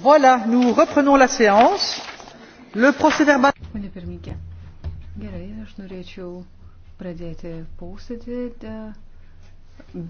Voilà, nous reprenons la séance. Le procès-verbal. Pone pirmininkė, gerai, aš norėčiau pradėti posėdį. De...